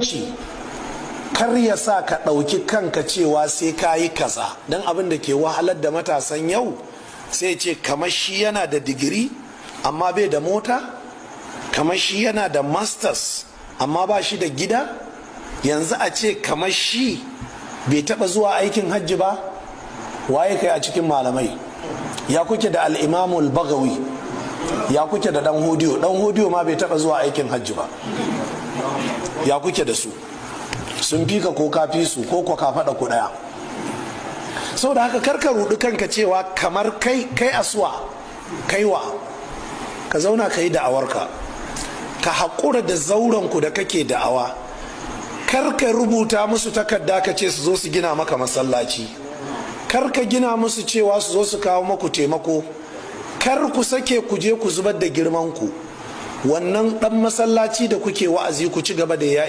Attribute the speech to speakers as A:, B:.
A: hukunci kar ya sa ka ɗauki kanka cewa sai ka yi kaza don abin da ke wahalar da matasan yau sai ce kamar shi yana da digiri amma bai da mota kamar shi yana da masters amma ba shi da gida yanzu a ce kamar shi bai taɓa zuwa aikin hajji ba waye kai a cikin malamai ya kuke da al'imamul bagawi ya kuke da dan hodiyo dan hodiyo ma bai taɓa zuwa aikin hajji ba ya kuke da su sun fi ka ko ka fi su ko ka faɗa ku ɗaya saboda haka karka ruɗu kanka cewa kamar kai kai asuwa kaiwa ka zauna ka yi da'awarka ka haƙura da zauren ku da kake da'awa karka rubuta musu takarda ka ce su zo su gina maka masallaci karka gina musu cewa su zo su kawo maku taimako kar ku sake ku je ku zubar da girmanku ku wannan dan masallaci da kuke wa'azi ku ci gaba da ya